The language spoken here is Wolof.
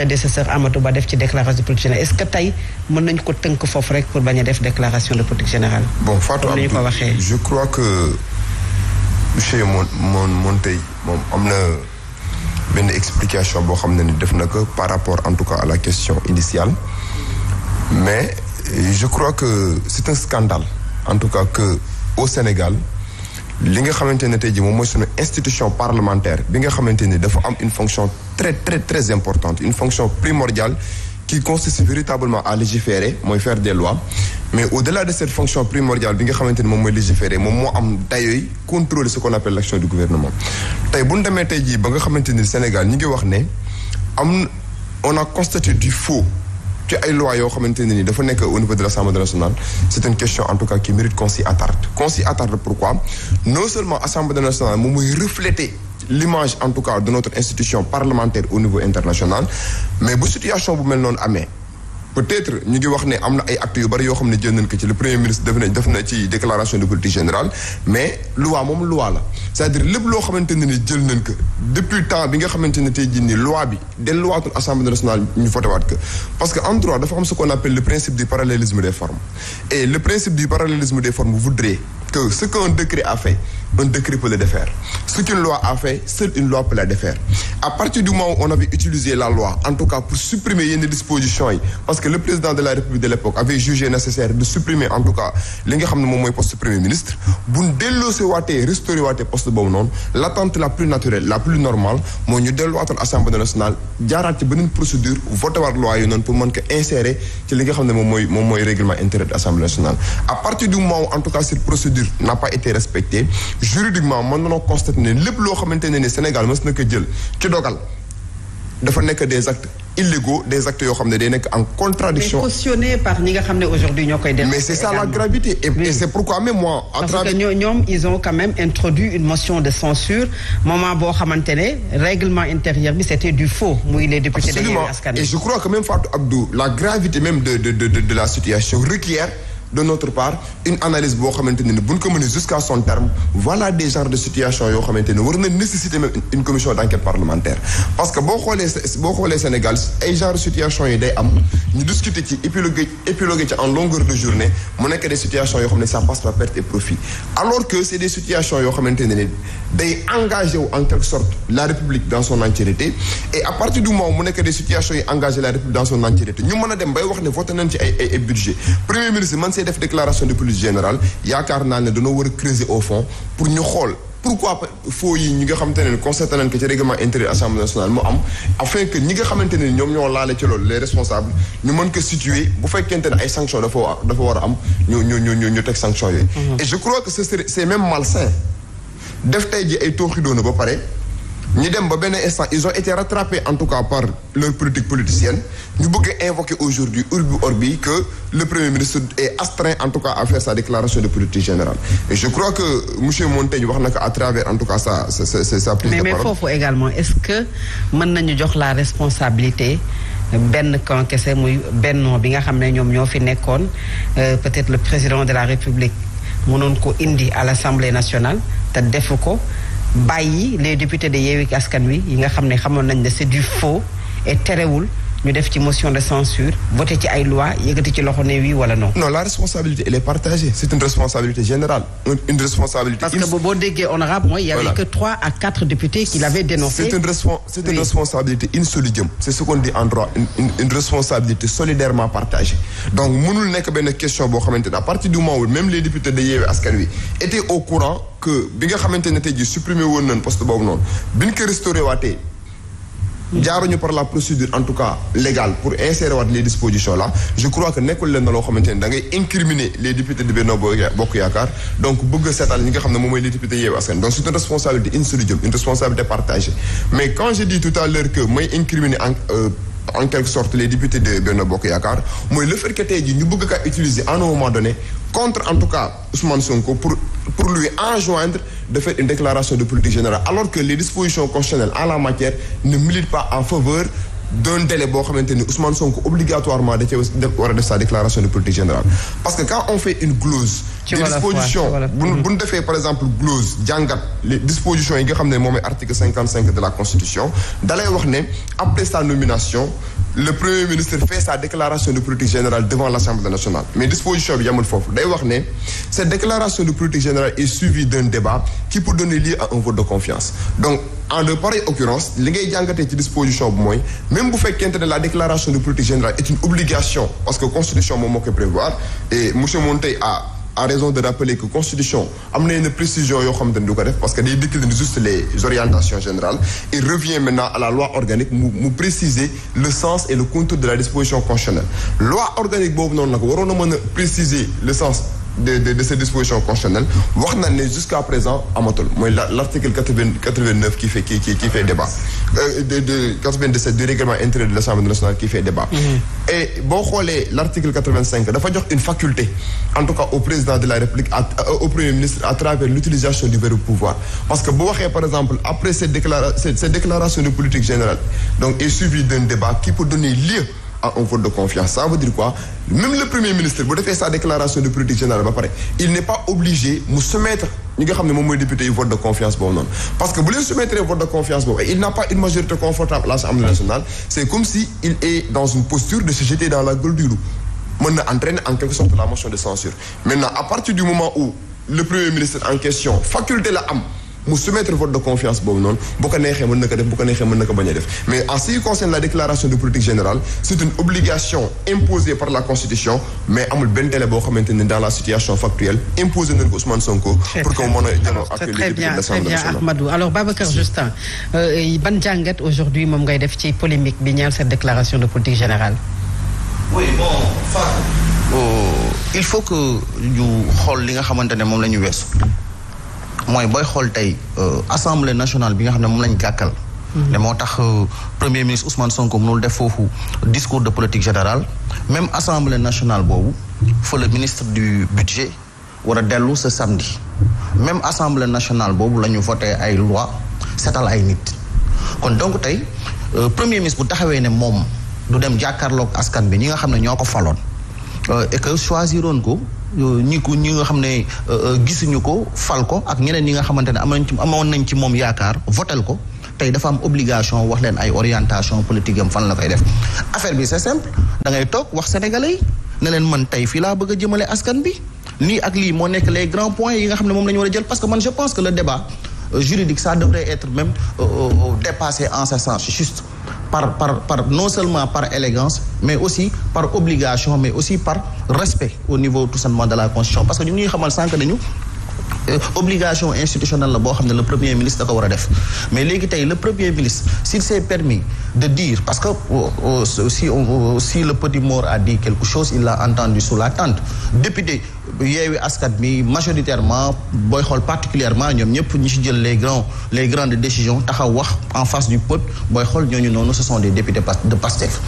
prédécesseur Amadou Ba def ci déclaration de politique générale est-ce que tey mën nañu ko tënk foofu rek pour bañ a def déclaration de politique générale. bon Fatou Abdou ko waxee. je crois que monsieur moom am na benn explication boo xam ne ni def na ko par rapport en tout cas à la question initiale mais je crois que c'est un scandale en tout cas que au Sénégal. li nga xamante ne tey jii moom mooy suñu institution parlementaire bi nga xamante ni dafa am une fonction très très très importante une fonction primordiale qui consiste véritablement à légiférer mooy faire des lois mais au-delà de cette fonction primordiale bi nga xamante ni moom mooy légiférer moom moo am dayooy contrôler ce qu'on appelle l'action du gouvernement tey bu ñu demee tey ba nga xamante ni Sénégal ñi ngi wax ne am on a constaté du faux ci ay loi yoo xamante ni dafa nekk au de l'Assemblée nationale c'est une question en tout cas qui mérite qu'on limange en tout cas de notre institution parlementaire au niveau international mais bu situation bu mel noonu amee peut-être ñu ngi wax ne am na ay actes bari yoo xam ne jël nañ ci le premier ministre def na def ci déclaration de politique générale mais loi moom loi la c'est-à-dire lépp loo xamante ne ni jël nañ ko depuis temps bi nga xamante ne tey jii nii loi bi delluwaatul assemblée nationale ñu votewaat ko parce que en droit dafa am ce qu'on appelle le que ce qu'un décret a fait un décret peut le défaire ce qu'une loi a fait seule une loi peut la défaire à du moment où on avait utilisé la loi en tout cas pour supprimer yenn dispositions yi parce que le président de la république de l'époque avait jugé nécessaire de supprimer en tout cas li nga xam ne moom mooy poste premier ministre buñ delloose waatee restauré waatee poste boobu noonu l'attente la plus naturelle la plus normale mooy ñu delluwaatoon assemblée nationale procédure n'a pas été respectée juridiquement na nañoo constater ne lépp loo xamante ne ni Sénégal mës na ko jël ci dogal dafa nekk des actes illégaux des actes yoo xam ne day nekk en contradiction mais nga xam ne aujourd'hui koy def mais c'est ça la gravité et, oui. et c'est pourquoi même moi à parce travers... que ñoom quand même introduit une motion de censure moment boo xamante ne règlement intérieur bi c'était du faux muy les députés de Yewwi Askan Wi et je crois que même Fatou Abdou la gravité même de de notre part une analyse boo xamante ne bu ñu ko mënee jusqu'à son terme voilà des genres de situation yoo xamante ne war na nécessiter même une commission d'enquête parlementaire parce que boo xoolee boo xoolee Sénégal ay genre situation yi day am ñu discuter ci épiloguer épiloguer ci en longueur de journée mu nekk des situations yoo xam ne ça passe par perte et profit alors que c'est des situations yoo xamante ne day engagé wu en quelque sorte la République dans commencé def déclaration de politique générale yaakaar naa ne dañoo war a creuser au fond pour ñu xool pourquoi faux yi ñi nga xamante ne constaté nañ que ci règlement intérieur assemblée nationale moo am afin que ñi nga xamante ne ñoom ñoo laale ci loolu les responsables ñu mën ko situer bu fekkente ne ay sanctions dafa war dafa war a am ñu ñu ñu ñu teg sanctions yooyu. Mhm. et je crois que ce c'est même malsain def tey ji ay tooxi ba pare. ñu dem ba benn instant ils ont été rattrapés en tout cas par leur politique politicienne ñu bëgg a invoquer aujourd'hui or bi que le premier ministre est astreint en tout cas à faire sa déclaration de politique générale et je crois que monsieur Montaigne wax na ko à travers en tout cas sa sa sa sa prise de parole. mais mais foofu également est-ce que mën nañu jox la responsabilité. benn kan muy bennoo bi nga xam ne ñoom ñoo fi nekkoon euh, peut-être le président de la République mënoon ko indi à l'Assemblée nationale te defu ko bàyyi les députés de Yewwi Askan Wi yi nga xam ne xamoon nañ ne c'est du faux et terewul ñu def ci motion de censure voté ci ay loi yëkkati ci loxo ne oui wala non. non la responsabilité elle est partagée c'est une responsabilité générale parce que boo déggee honorable mooy. il y avait que trois à quatre députés qui l'avaient dénoncé. c'est une respons c'est une c'est ce qu'on dit en droit une responsabilité solidairement partagée donc mënul nekk benn question boo xamante ne à partir du moment où même les députés de Yewwi Askan Wi étaient au nga xamante ne tey jii supprimé woon nañ poste boobu noonu bi ñu ko jaaruñu par la procédure en tout cas légale pour insérer waat les dispositions là je crois que nekkul leen na loo xamante ni da ngay incriminer les députés de Benno Bokk Yaakaar donc bëgg a seetal ñi nga xam ne moom mooy les députés Yewwi Askan donc c'est une responsabilité insurrégion une responsabilité partagée mais quand j'ai dit tout à l'heure que may incriminer en euh, en quelque sorte les députés de Benno Bokk Yaakaar mooy le fait que tey ñu bëgg kaa utiliser en tout de faire une déclaration de politique générale alors que les dispositions constitutionnelles en la matière ne militent pas en faveur d'un délai boo xamante ni Ousmane Sonko obligatoirement da cee war def sa déclaration de politique générale parce que quand on fait une glose ci disposition bu bu mhm. defee par exemple glose jàngat les dispositions yi nga xam ne moom mooy article cinq de la constitution dalay wax ne après sa nomination le premier ministre fait sa déclaration de politique générale devant l'Assemblée nationale mais disposition bi yamul foofu day wax ne cette déclaration de politique générale est suivie d'un débat qui peut donner lieu à un vote de confiance donc en de pareille occurrence li ngay jàngatee ci disposition bi mooy même bu fekkente ne la déclaration de politique générale est que constitution moom moo koy prévoir à raison de rappeler que constitution am na yenn précision yoo xamante ni du ko def parce que day décline juste les orientations générales il revient maintenant à la loi organique mu mu préciser le sens et le contour de la disposition constitutionnelle loi organique boobu noonu nag waroon na mën a préciser le sens de de de ces dispositions constitutionnelles wax na ne jusqu'à présent amatul mooy l'article quatre-vingt-neuf qui fait qui qui débat euh, de de quatre vingt de l'Assemblée nationale qui fait débat. Mm-hmm. et boo xoolee l'article dafa jox une faculté en tout cas au président de la République euh, au premier ministre à travers l'utilisation du verbe pouvoir parce que bu waxee par exemple après cette déclaration cette déclaration de politique générale donc il suffit d'un débat qui peut donner lieu. à un vote de confiance ça veut dire quoi même le premier ministre bu defee sa déclaration de politique générale ba pare il n'est pas obligé mu soumettre ñi nga xam ne moom mooy député yu vote de confiance boobu noonu parce que bu leen soumettre vote de confiance boobu il n'a pas une majorité confortable à l'Assemblée nationale c'est comme si il est dans une posture de se jeter dans la gueule du loup mën na entraîner en quelque sorte la motion de censure maintenant à partir du moment am mu soumettre vote de confiance boobu noonu bu ko neexee mën na ko def bu ko neexee mën na ko bañ def mais en ce qui concerne la déclaration de politique générale c'est une obligation imposée par la constitution mais amul benn délai boo xamante ni dans la situation factuelle imposé nañ ko Ousmane Sonko. pour que mu mën a janoo ak les députés de l'Assemblée nationale. Ahmadou alors Babacar Justin euh, ban jàngat aujourd'hui moom ngay def ci polémique bi ñeel cette déclaration de politique générale. Oh, il faut que ñu xool li nga xamante ne moom la ñu weesu. mooy booy xool tey euh, assemblée nationale bi nga xam ne moom lañ gàkkal. Mm-hmm. ne moo tax euh, premier ministre Ousmane Sonko mënul def foofu discours de politique générale même assemblée nationale boobu fa le ministre du budget war a dellu ce samedi même assemblée nationale boobu lañu ñu ay loi setal ay nit kon donc tey euh, premier ministre bu taxawee ne moom du dem jàkkaarloog askan bi ñi nga xam ne ñoo ko faloon et que ko ñi ko ñi nga xam ne euh, euh, gisuñu ko fal ko ak ñeneen ñi nga xamante ne amoon ci amoon nañ ci moom yaakaar votel ko tey dafa am obligation wax leen ay orientation politique am fan la koy def affaire bi c'est simple da ngay toog wax sénégalais yi ne leen man tey fii laa bëgg a jëmale askan bi lii ak lii moo nekk les grands points yi nga xam ne moom la war a jël parce que man je pense que le débat euh, juridique ça devrait être même dépassé en ce sens juste par par par non seulement par élégance mais aussi par obligation mais aussi par respect au niveau tout simplement de la constitution parce que ñu ngi xamal sànq nañu Euh, obligation institutionnelle la boo xam ne le premier ministre da ko war a def mais léegi tey le premier ministre s'il s'est permis de dire parce que euh, si euh, si le petit mort a dit quelque chose il l'a entendu sous la tente député yeewi askan bi majoritairement booy xool particulièrement ñoom ñëpp ñu ci jël les grands les grandes décisions taxaw wax en face du peuple booy xool ñooñu noonu ce sont des députés de Pastef